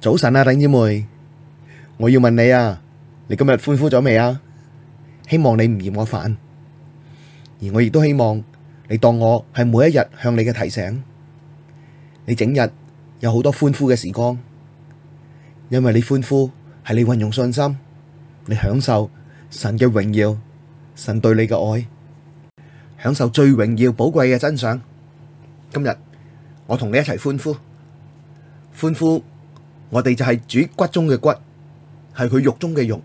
早晨啊，鄧姐妹，我要問你啊，你今日歡呼咗未啊？希望你唔嫌我煩，而我亦都希望你當我係每一日向你嘅提醒。你整日有好多歡呼嘅時光，因為你歡呼係你運用信心，你享受神嘅榮耀，神對你嘅愛，享受最榮耀寶貴嘅真相。今日我同你一齊歡呼，歡呼。我哋就係主骨中嘅骨，係佢肉中嘅肉，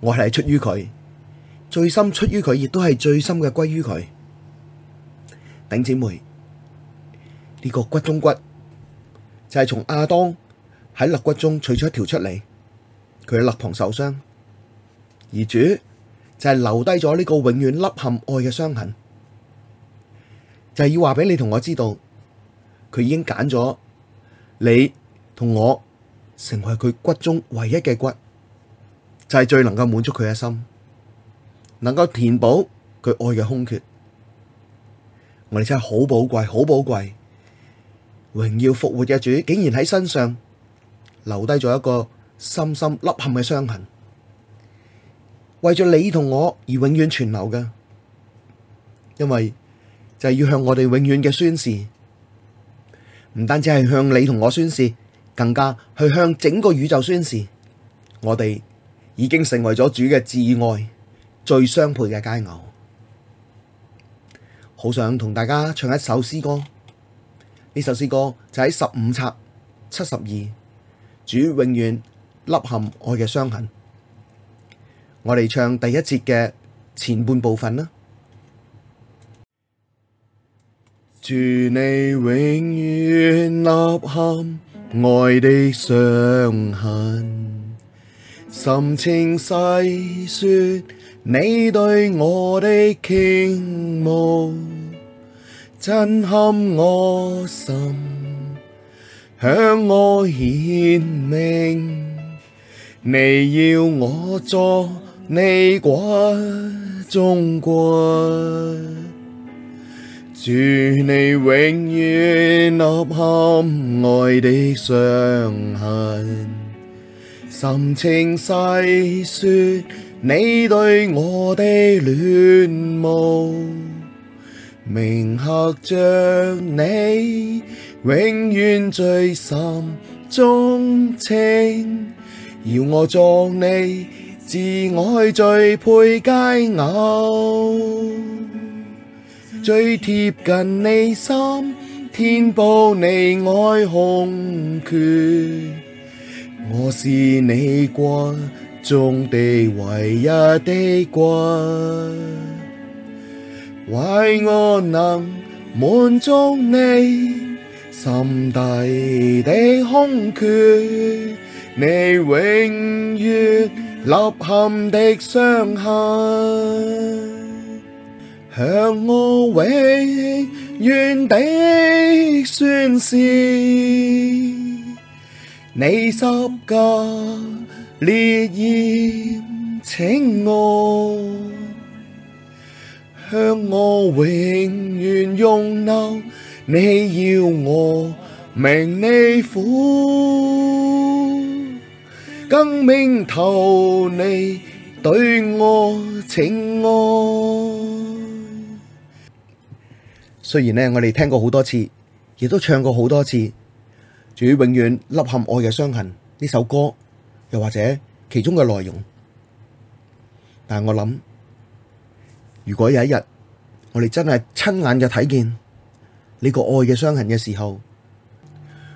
我係出於佢，最深出於佢，亦都係最深嘅歸於佢。頂姐妹，呢個骨中骨就係從亞當喺肋骨中取咗一條出嚟，佢喺肋旁受傷，而主就係留低咗呢個永遠凹陷愛嘅傷痕，就係要話俾你同我知道，佢已經揀咗你。同我成為佢骨中唯一嘅骨，就係最能夠滿足佢嘅心，能夠填補佢愛嘅空缺。我哋真係好寶貴，好寶貴！榮耀復活嘅主竟然喺身上留低咗一個深深凹陷嘅傷痕，為咗你同我而永遠存留嘅，因為就係要向我哋永遠嘅宣示，唔單止係向你同我宣示，更加去向整個宇宙宣示，我哋已經成為咗主嘅至愛、最相配嘅佳偶。好想同大家唱一首詩歌，呢首詩歌就喺十五冊七十二，主永遠凹陷愛嘅傷痕。我哋唱第一節嘅前半部分啦。主，祢永遠凹陷，愛的傷痕，深情細說你對我嘅傾慕，震撼我心，向我顯明，你要我做你骨中骨。主，你永遠凹陷愛的傷痕，深情細説你對我嘅戀慕，銘刻着你永遠最深鍾情，要我作你至愛最配佳偶。最貼近你心，填補你愛空缺。我是你骨中的唯一的骨，惟我能滿足你心底的空缺，你永遠凹陷的傷痕。向我永遠的宣示，你十架烈焰情愛，向我永遠湧流，你要我明你苦，更明透你對我情愛。雖然咧，我哋聽過好多次，亦都唱過好多次，主永遠凹陷愛嘅傷痕呢首歌，又或者其中嘅內容。但係我諗，如果有一日我哋真係親眼嘅睇見呢個愛嘅傷痕嘅時候，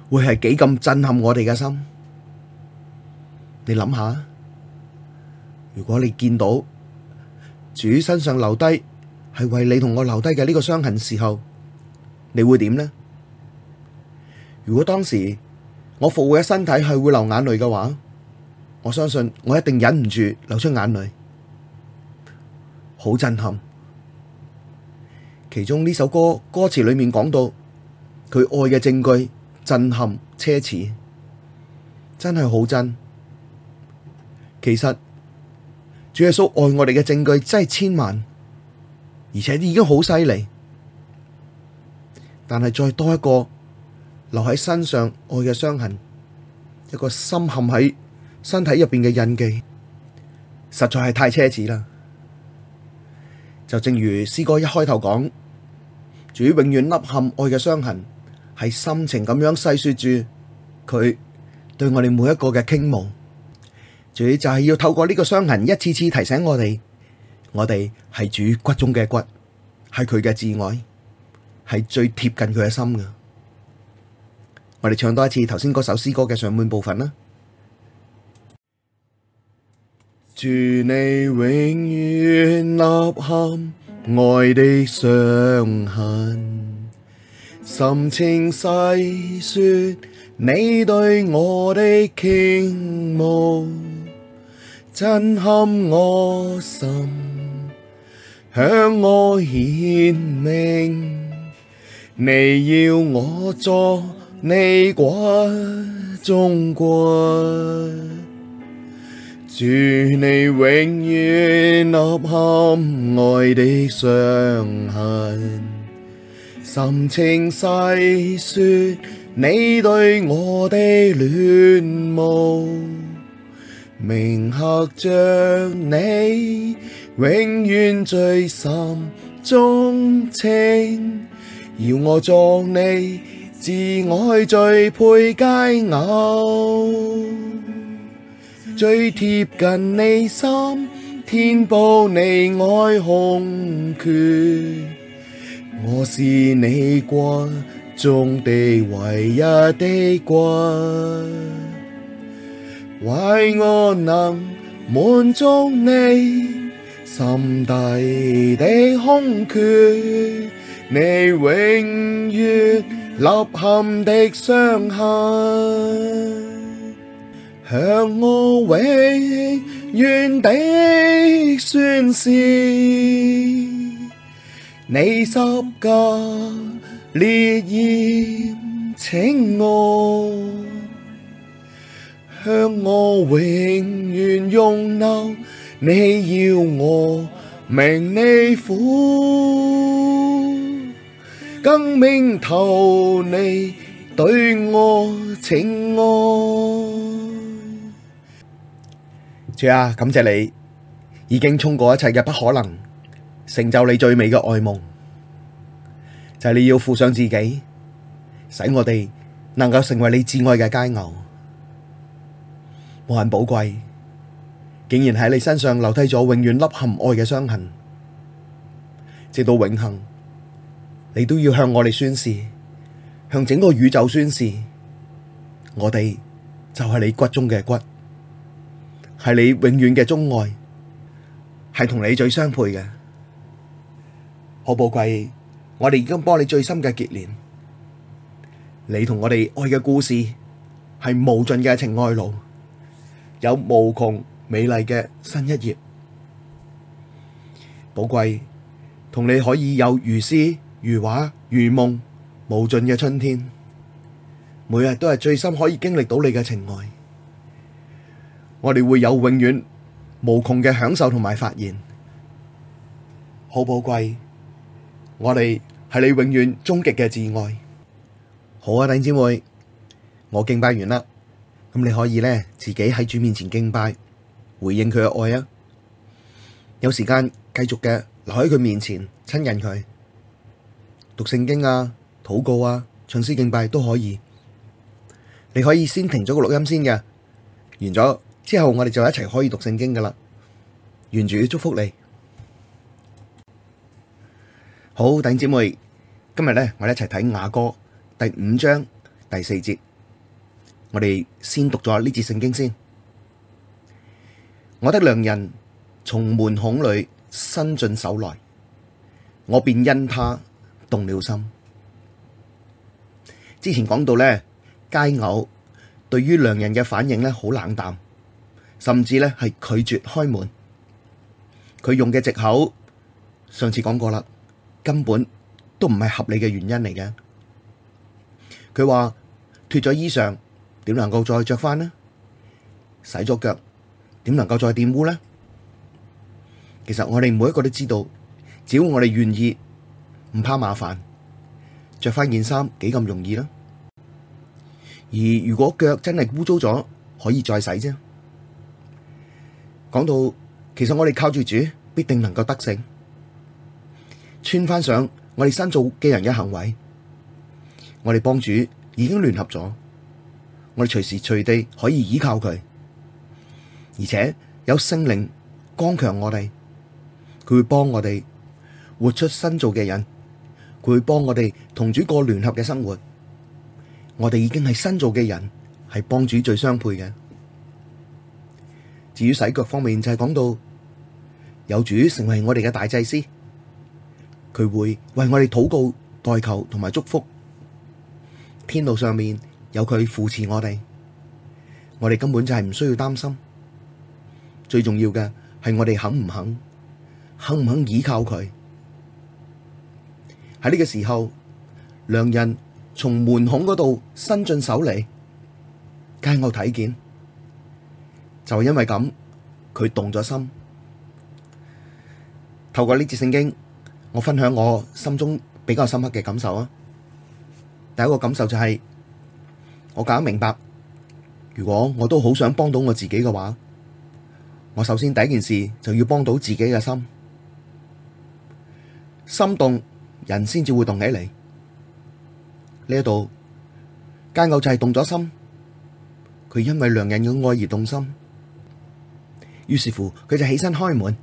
會係幾咁震撼我哋嘅心？你諗下，如果你見到主身上留低係為你同我留低嘅呢個傷痕時候，你會點呢？如果當時我復活嘅身體係會流眼淚嘅話，我相信我一定忍唔住流出眼淚，好震撼。其中呢首歌歌詞裏面講到佢愛嘅證據震撼奢侈，真係好真。其實主耶穌愛我哋嘅證據真係千萬，而且已經好犀利。但係再多一個留喺身上愛嘅傷痕，一個深陷喺身體入邊嘅印記，實在係太奢侈啦。就正如詩歌一開頭講，主永遠凹陷愛嘅傷痕，係深情咁樣細說住佢對我哋每一個嘅傾慕。主就係要透過呢個傷痕，一次次提醒我哋，我哋係主骨中嘅骨，係佢嘅至愛。係最貼近佢嘅心嘅，我哋唱多一次頭先嗰首詩歌嘅上半部分啦。主，你永遠凹陷，愛的傷痕，深情細説你對我嘅傾慕，震撼我心，向我顯明，你要我作你骨中骨，主你永遠凹陷愛的傷痕，深情細說你對我嘅戀慕，銘刻着你永遠最深鍾情。要我作你至愛最配佳偶，最貼近你心，填補你愛空缺。我是你骨中的唯一的骨，惟我能滿足你心底的空缺。你永遠立陷的傷痕，向我永遠的宣示，你濕骨烈焰，請我向我永遠用留，你要我命你苦。更明透你對我情愛。主啊，感謝你已經沖過一切嘅不可能，成就你最美嘅愛夢。就係你要負上自己，使我哋能夠成為你摯愛嘅佳偶。無限寶貴，竟然喺你身上留低咗永遠凹陷愛嘅傷痕，直到永恆。你都要向我哋宣示，向整個宇宙宣示，我哋就係你骨中嘅骨，係你永遠嘅鍾愛，係同你最相配嘅，好寶貴。我哋已經幫你最深嘅結連，你同我哋愛嘅故事係無盡嘅情愛路，有無窮美麗嘅新一頁，寶貴同你可以有如斯。如畫如夢，無盡嘅春天，每日都係最深可以經歷到你嘅情愛，我哋會有永遠無窮嘅享受同埋發現，好寶貴，我哋係你永遠終極嘅摯愛。好啊，弟兄姊妹，我敬拜完啦，咁你可以咧自己喺主面前敬拜，回應佢嘅愛啊！有時間繼續嘅留喺佢面前親近佢。讀聖經啊，禱告啊，唱詩敬拜都可以。你可以先停咗個錄音先嘅，完咗之後，我哋就一齊可以讀聖經噶啦。願主祝福你，好弟兄姊妹，今日咧，我哋一齊睇雅歌第五章第四節。我哋先讀咗呢節聖經先。我的良人從門孔裡伸進手來，我便因他。動了心。之前講到咧，佳偶對於良人嘅反應咧，好冷淡，甚至咧係拒絕開門。佢用嘅藉口，上次講過啦，根本都唔係合理嘅原因嚟嘅。佢話脱咗衣裳，點能夠再着返呢？洗咗腳，點能夠再玷污呢？其實我哋每一個都知道，只要我哋願意。唔怕麻煩，着翻件衫幾咁容易啦。而如果腳真係污糟咗，可以再洗啫。講到，其實我哋靠住主，必定能夠得勝，穿翻上我哋新造嘅人嘅行為，我哋幫主已經聯合咗，我哋隨時隨地可以倚靠佢，而且有聖靈剛強我哋，佢會幫我哋活出新造嘅人。佢會幫我哋同主過聯合嘅生活，我哋已經係新造嘅人，係幫主最相配嘅。至於洗腳方面，就係講到有主成為我哋嘅大祭司，佢會為我哋禱告代求同埋祝福，天路上面有佢扶持我哋，我哋根本就係唔需要擔心。最重要嘅係我哋肯唔肯，肯唔肯倚靠佢。喺呢個時候，良人從門孔嗰度伸進手嚟，梗係我睇見就係、是、因為咁，佢動咗心。透過呢節聖經，我分享我心中比較深刻嘅感受啊。第一個感受就係、是、我搞明白，如果我都好想幫到我自己嘅話，我首先第一件事就要幫到自己嘅心，心動。人先至會動起嚟，呢一度佳偶就係動咗心，佢因為良人嘅愛而動心，於是乎佢就起身開門，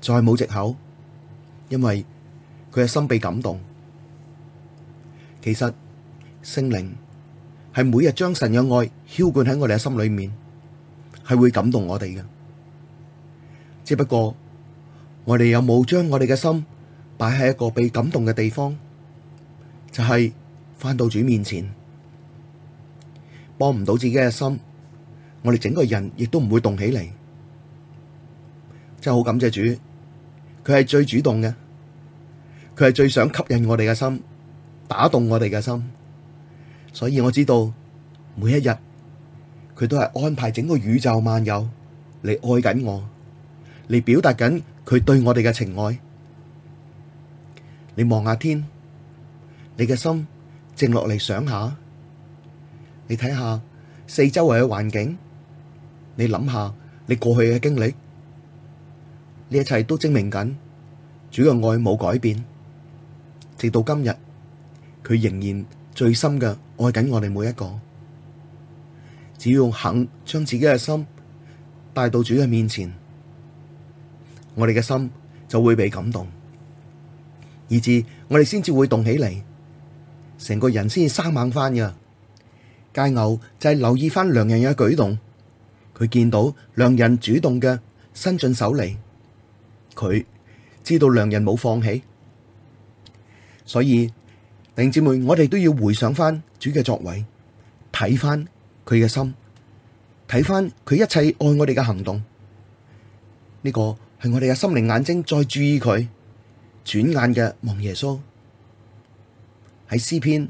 再冇藉口，因為佢嘅心被感動。其實聖靈係每日將神嘅愛澆灌喺我哋嘅心裏面，係會感動我哋嘅，只不過我哋有冇將我哋嘅心擺喺一個被感動嘅地方，就係返到主面前，幫唔到自己嘅心，我哋整個人亦都唔會動起嚟。真係好感謝主，佢係最主動嘅，佢係最想吸引我哋嘅心，打動我哋嘅心。所以我知道每一日，佢都係安排整個宇宙萬有嚟愛緊我，嚟表達緊佢對我哋嘅情愛。你望下天，你嘅心靜落嚟想下，你睇下四周圍嘅環境，你諗下你過去嘅經歷，呢一切都證明緊主嘅愛冇改變，直到今日佢仍然最深嘅愛緊我哋每一個。只要肯將自己嘅心帶到主嘅面前，我哋嘅心就會被感動。以至我哋先至會動起嚟，成個人先至生猛翻噶。街牛就係留意翻良人嘅舉動，佢見到良人主動嘅伸進手嚟，佢知道良人冇放棄，所以弟兄姊妹，我哋都要回想翻主嘅作為，睇翻佢嘅心，睇翻佢一切愛我哋嘅行動，呢、這個係我哋嘅心靈眼睛，再注意佢。轉眼仰望耶穌，喺詩篇，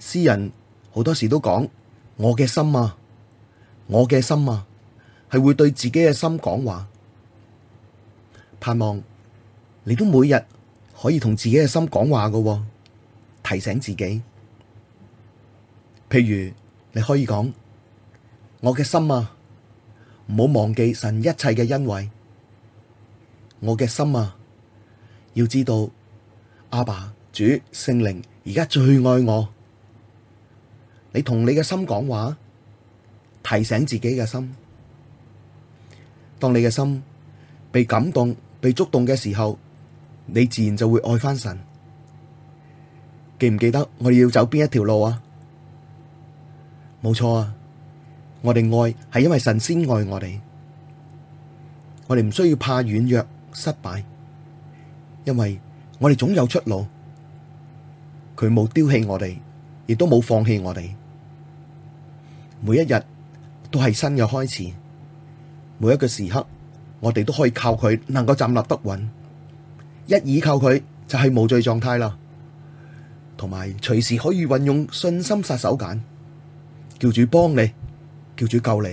詩人好多時都講我嘅心啊，我嘅心啊，係會對自己嘅心講話。盼望你都每日可以同自己嘅心講話嘅喎，提醒自己。譬如你可以講，我嘅心啊，唔好忘記神一切嘅恩惠，我嘅心啊。要知道，阿爸、主、聖靈而家最愛我。你同你嘅心講話，提醒自己嘅心。當你嘅心被感動、被觸動嘅時候，你自然就會愛翻神。記唔記得我哋要走邊一條路啊？冇錯啊！我哋愛係因為神先愛我哋，我哋唔需要怕軟弱、失敗。因為我哋總有出路，佢冇丟棄我哋，亦都冇放棄我哋。每一日都係新嘅開始，每一個時刻我哋都可以靠佢，能夠站立得穩。一倚靠佢就係無罪狀態啦，同埋隨時可以運用信心殺手鐧，叫主幫你，叫主救你。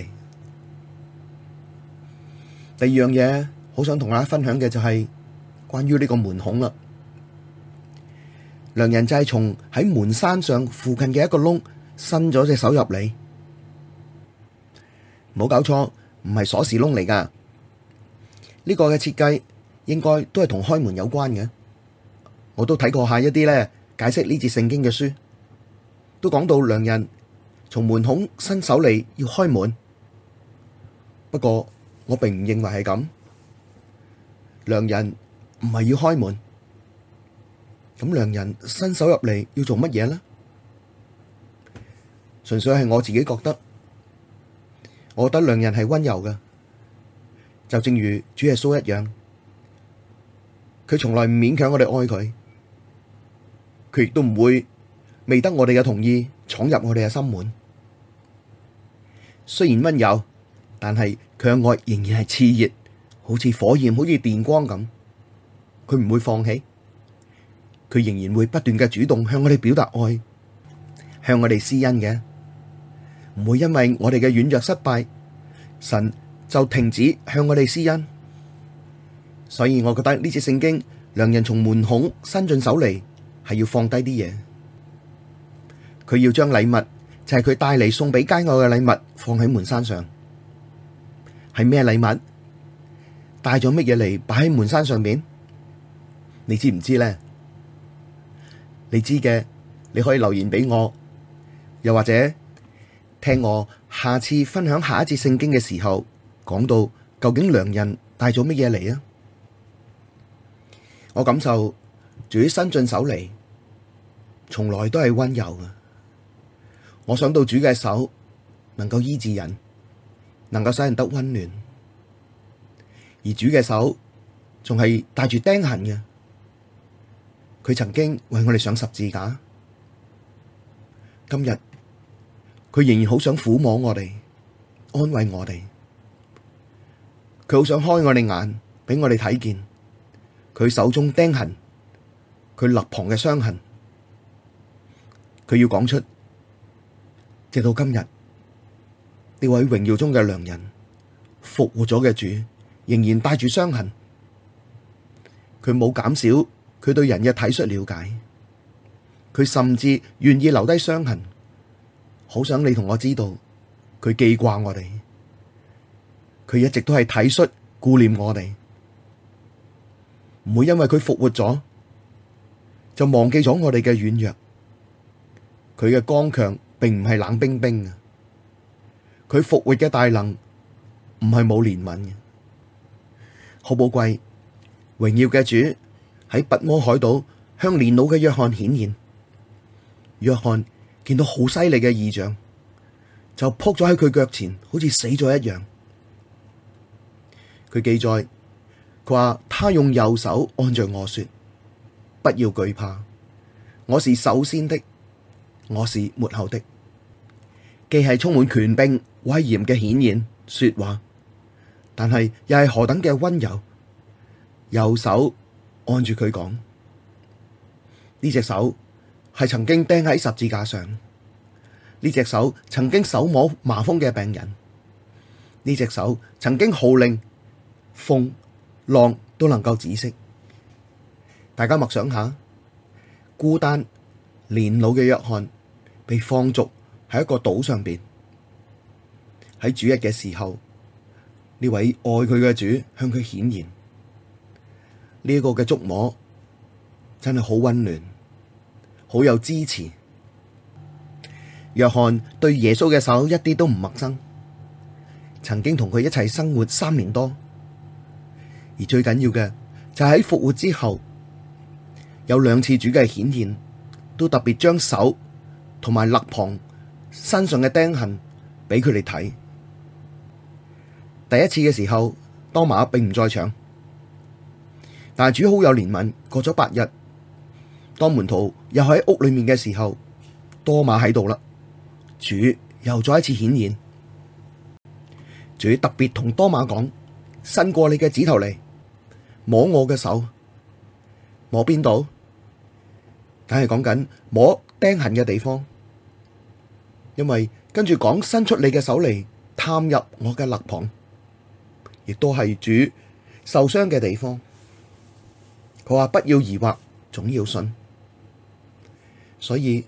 第二樣嘢好想同大家分享嘅就係。關於呢個門孔啦，良人就係從喺門山上附近嘅一個窿伸咗隻手入嚟，冇搞錯，唔係鎖匙窿嚟噶。呢個嘅設計應該都係同開門有關嘅。我都睇過下一啲咧解釋呢節聖經嘅書，都講到良人從門孔伸手嚟要開門，不過我並唔認為係咁，良人。唔係要開門，咁良人伸手入嚟，要做乜嘢呢？純粹係我自己覺得，我覺得良人係溫柔嘅，就正如主耶穌一樣，佢從來唔勉強我哋愛佢，佢亦都唔會未得我哋嘅同意闖入我哋嘅心門。雖然溫柔，但係佢嘅愛仍然係熾熱，好似火焰，好似電光咁。佢唔會放棄，佢仍然會不斷嘅主動向我哋表達愛，向我哋施恩嘅，唔會因為我哋嘅軟弱失敗，神就停止向我哋施恩。所以我覺得呢節聖經，良人從門孔伸進手嚟，係要放低啲嘢，佢要將禮物就係佢帶嚟送俾佳偶嘅禮物放喺門山上，係咩禮物？帶咗乜嘢嚟擺喺門山上邊？你知唔知咧？你知嘅，你可以留言俾我，又或者聽我下次分享下一節聖經嘅時候講到究竟良人帶咗乜嘢嚟啊？我感受主伸進手嚟，從來都係溫柔嘅。我想到主嘅手能夠醫治人，能夠使人得溫暖，而主嘅手仲係帶住釘痕嘅。佢曾經為我哋上十字架，今日佢仍然好想撫摸我哋，安慰我哋，佢好想開我哋眼，俾我哋睇見佢手中釘痕，佢肋旁嘅傷痕，佢要講出，直到今日呢位榮耀中嘅良人復活咗嘅主，仍然帶住傷痕，佢冇減少。佢對人嘅體恤了解，佢甚至願意留低傷痕，好想你同我知道，佢記掛我哋，佢一直都係體恤顧念我哋，唔會因為佢復活咗就忘記咗我哋嘅軟弱，佢嘅剛強並唔係冷冰冰嘅，佢復活嘅大能唔係冇憐憫嘅，好寶貴，榮耀嘅主。喺拔摩海島向年老嘅約翰顯現，約翰見到好犀利嘅異象，就撲咗喺佢腳前，好似死咗一樣。佢記載，佢話：他用右手按着我說，不要懼怕，我是首先的，我是末後的，既係充滿權柄、威嚴嘅顯現說話，但係又係何等嘅溫柔右手。按住佢講，呢隻手係曾經釘喺十字架上，呢隻手曾經手摸麻風嘅病人，呢隻手曾經號令風浪都能夠止息。大家默想下，孤單年老嘅約翰被放逐喺一個島上面，喺主日嘅時候，呢位愛佢嘅主向佢顯現。呢一個嘅觸摸真係好溫暖，好有支持。約翰對耶穌嘅手一啲都唔陌生，曾經同佢一齊生活三年多。而最緊要嘅就係喺復活之後，有兩次主嘅顯現，都特別將手同埋肋旁身上嘅釘痕俾佢哋睇。第一次嘅時候，多馬並唔在場。但主好有憐憫，過咗八日，當門徒又喺屋裏面嘅時候，多馬喺度啦。主又再一次顯現，主特別同多馬講：伸過你嘅指頭嚟摸我嘅手，摸邊度？梗係講緊摸釘痕嘅地方，因為跟住講伸出你嘅手嚟探入我嘅肋旁，亦都係主受傷嘅地方。佢話，不要疑惑，總要信。所以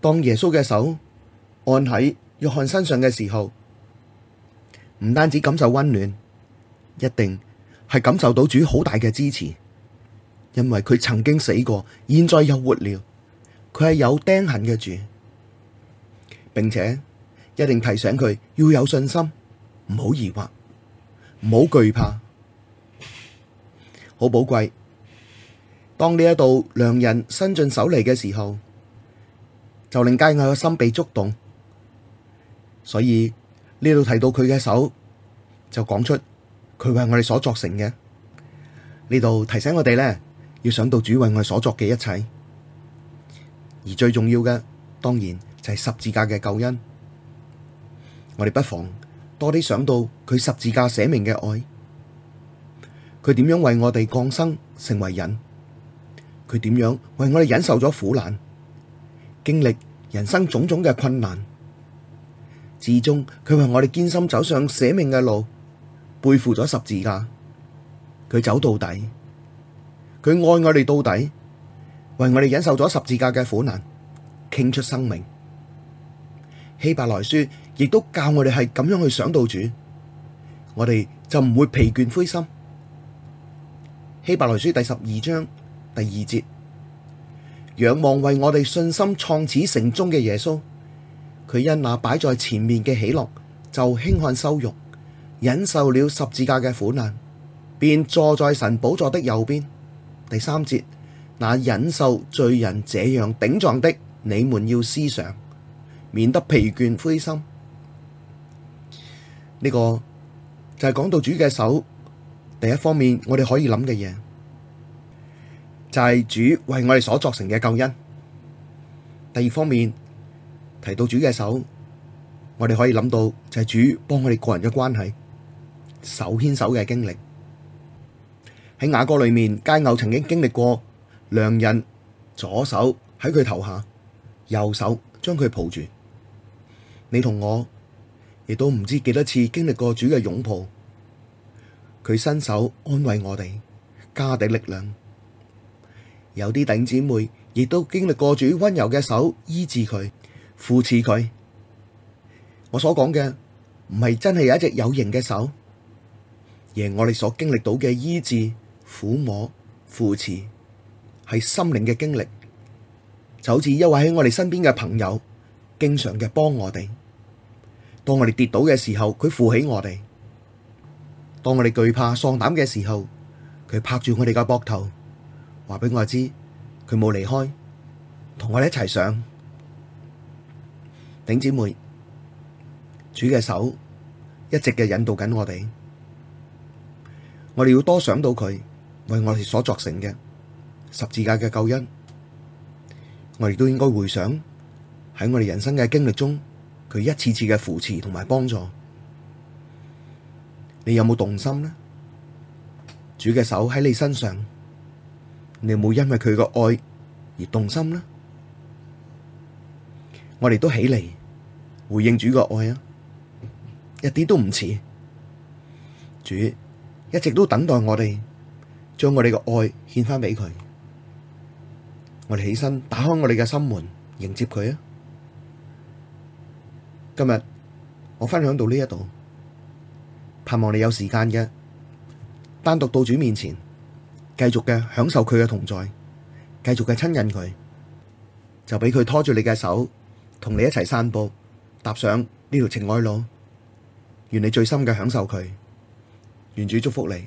當耶穌嘅手按喺約翰身上嘅時候，唔單止感受溫暖，一定係感受到主好大嘅支持，因為佢曾經死過，現在又活了。佢係有釘痕嘅主，並且一定提醒佢要有信心，唔好疑惑，唔好懼怕，好寶貴。當呢一度良人伸進手嚟嘅時候，就令佳偶嘅心被觸動。所以呢度提到佢嘅手，就講出佢為我哋所作成嘅。呢度提醒我哋咧，要想到主為我哋所作嘅一切，而最重要嘅，當然就係、是、十字架嘅救恩。我哋不妨多啲想到佢十字架捨命嘅愛，佢點樣為我哋降生成為人。佢點樣為我哋忍受咗苦難，經歷人生種種嘅困難，至終佢為我哋艱辛走上捨命嘅路，背負咗十字架，佢走到底，佢愛我哋到底，為我哋忍受咗十字架嘅苦難，傾出生命。希伯來書亦都教我哋係咁樣去想到主，我哋就唔會疲倦灰心。希伯來書第十二章。第二節，仰望為我哋信心創始成終嘅耶穌，佢因那擺在前面嘅喜樂，就輕看羞辱，忍受了十字架嘅苦難，便坐在神寶座的右邊。第三節，那忍受罪人這樣頂撞的，你們要思想，免得疲倦灰心。呢、這個就係講到主嘅手，第一方面我哋可以諗嘅嘢。就係主為我哋所作成嘅救恩。第二方面提到主嘅手，我哋可以諗到就係主幫我哋個人嘅關係，手牽手嘅經歷。喺雅歌裏面，佳偶曾經經歷過良人左手喺佢頭下，右手將佢抱住。你同我亦都唔知幾多次經歷過主嘅擁抱，佢伸手安慰我哋，加啲力量。有啲弟姊妹亦都經歷過主溫柔嘅手醫治佢、扶持佢。我所講嘅唔係真係有一隻有形嘅手，而係我哋所經歷到嘅醫治、撫摸、扶持，係心靈嘅經歷。就好似一位喺我哋身邊嘅朋友，經常嘅幫我哋。當我哋跌倒嘅時候，佢扶起我哋；當我哋懼怕喪膽嘅時候，佢拍住我哋嘅膊頭。話俾我知，佢冇離開，同我哋一齊上。頂姊妹，主嘅手一直嘅引導緊我哋，我哋要多想到佢為我哋所作成嘅十字架嘅救恩，我哋都應該回想喺我哋人生嘅經歷中，佢一次次嘅扶持同埋幫助，你有冇動心呢？主嘅手喺你身上。你有冇因為佢個愛而動心呢，我哋都起嚟回應主個愛啊！一啲都唔遲。主一直都等待我哋將我哋個愛獻翻俾佢，我哋起身打開我哋嘅心門迎接佢啊！今日我分享到呢一度，盼望你有時間嘅單獨到主面前。繼續嘅享受佢嘅同在，繼續嘅親近佢，就畀佢拖住你嘅手，同你一齊散步，踏上呢條情愛路，願你最深嘅享受佢，願主祝福你。